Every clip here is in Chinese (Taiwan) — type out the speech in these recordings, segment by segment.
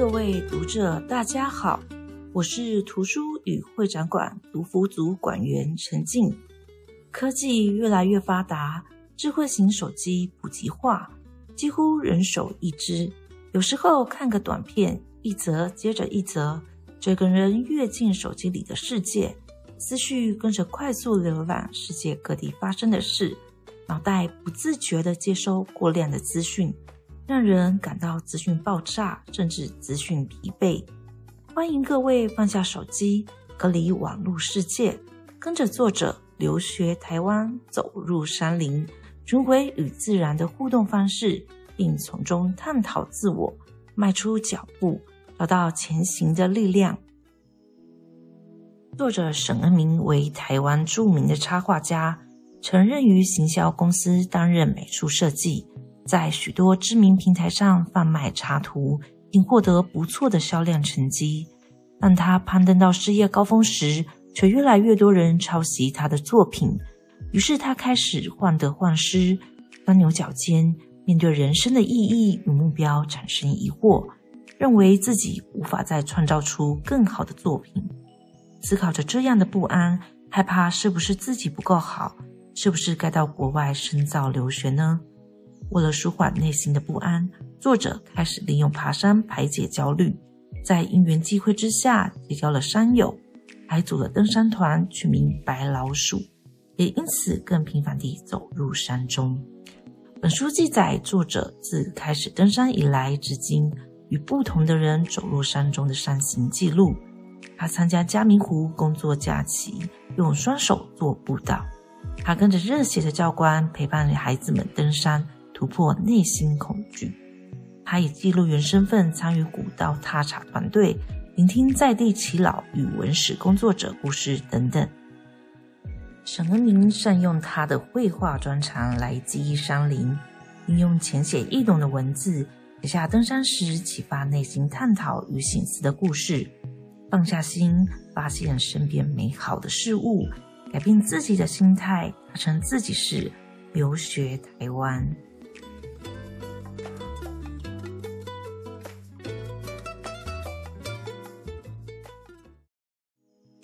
各位讀者，大家好，我是圖書與會展館讀服組館員陳靜。科技越來越發達，智慧型手機普及化，幾乎人手一支。有時候看個短片，一則接着一則，整個人躍進手機裡的世界，思緒跟着快速瀏覽世界各地發生的事，腦袋不自覺地接受過量的資訊。讓人感到資訊爆炸，甚至資訊疲憊。歡迎各位放下手機，隔離網路世界，跟着作者留學台灣，走入山林，尋回與自然的互動方式，並從中探討自我，邁出腳步，找到前行的力量。作者沈恩民為台灣著名的插畫家，曾任於行銷公司擔任美術設計。在許多知名平台上販賣插圖，並獲得不錯的銷量成績，當他攀登到事業高峰時，卻越來越多人抄襲他的作品。於是他開始患得患失，鑽牛角尖，面對人生的意義與目標產生疑惑，認為自己無法再創造出更好的作品，思考着這樣的不安，害怕是不是自己不夠好，是不是該到國外深造留學呢？為了舒緩內心的不安，作者開始利用爬山排解焦慮，在因緣際會之下結交了山友，還組了登山團，取名“白老鼠”，也因此更頻繁地走入山中。本書記載作者自開始登山以來至今，與不同的人走入山中的山行記錄。他參加嘉明湖工作假期，用雙手做步道；他跟着熱血的教官陪伴着孩子們登山。突破內心恐懼，他以記錄員身份參與古道踏查團隊，聆聽在地耆老與文史工作者故事等等。沈恩民善用他的繪畫專長來記憶山林，運用淺顯易懂的文字寫下登山時啟發內心探討與省思的故事，放下心，發現身邊美好的事物，改變自己的心態，他稱自己是留學台灣。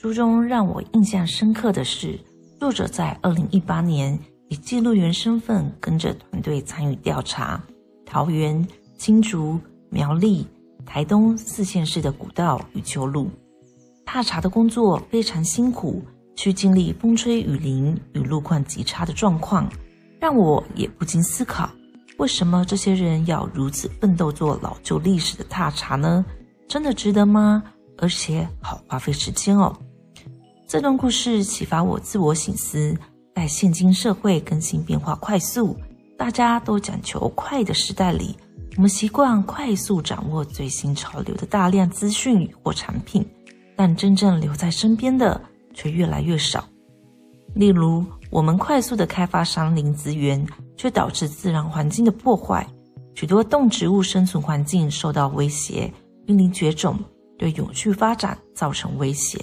書中讓我印象深刻的是，作者在二零一八年以記錄員身份跟着團隊參與調查桃園、新竹、苗栗、台東四縣市的古道與舊路，踏查的工作非常辛苦，去經歷風吹雨淋與路況極差的狀況，讓我也不禁思考：為什麼這些人要如此奮鬥做老舊歷史的踏查呢？真的值得嗎？而且好花費時間哦。這段故事啟發我自我省思，在現今社會更新變化快速、大家都講求快的時代裡，我們習慣快速掌握最新潮流的大量資訊或產品，但真正留在身邊的卻越來越少。例如，我們快速的開發山林資源，卻導致自然環境的破壞，許多動植物生存環境受到威脅，瀕臨絕種，對永續發展造成威脅。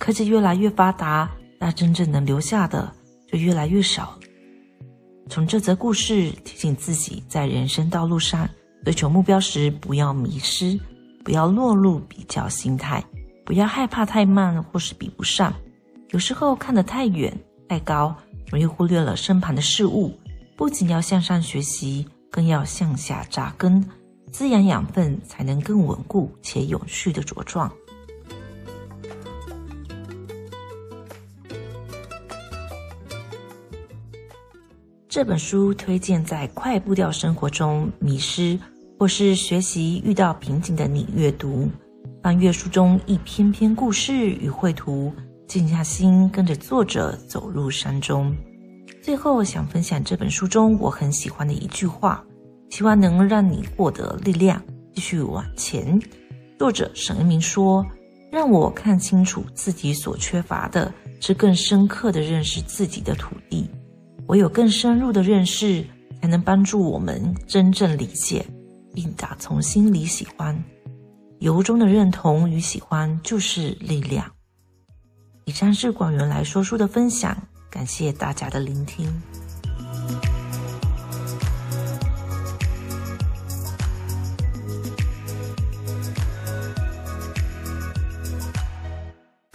科技越來越發達，那真正能留下的就越來越少。從這則故事提醒自己，在人生道路上追求目標時，不要迷失，不要落入比較心態，不要害怕太慢或是比不上。有時候看得太遠太高，容易忽略了身旁的事物。不僅要向上學習，更要向下扎根，滋養養分，才能更穩固且永續的茁壯。這本書推薦在快步調生活中迷失，或是學習遇到瓶頸的你閱讀，翻閱書中一篇篇故事與繪圖，靜下心跟着作者走入山中。最後想分享這本書中我很喜歡的一句話，希望能讓你獲得力量，繼續往前。作者沈恩民說：“讓我看清楚自己所缺乏的，是更深刻地認識自己的土地。”唯有更深入的認識，才能幫助我們真正理解，並打從心裡喜歡。由衷的認同與喜歡就是力量。以上是廣元來說書的分享，感謝大家的聆聽。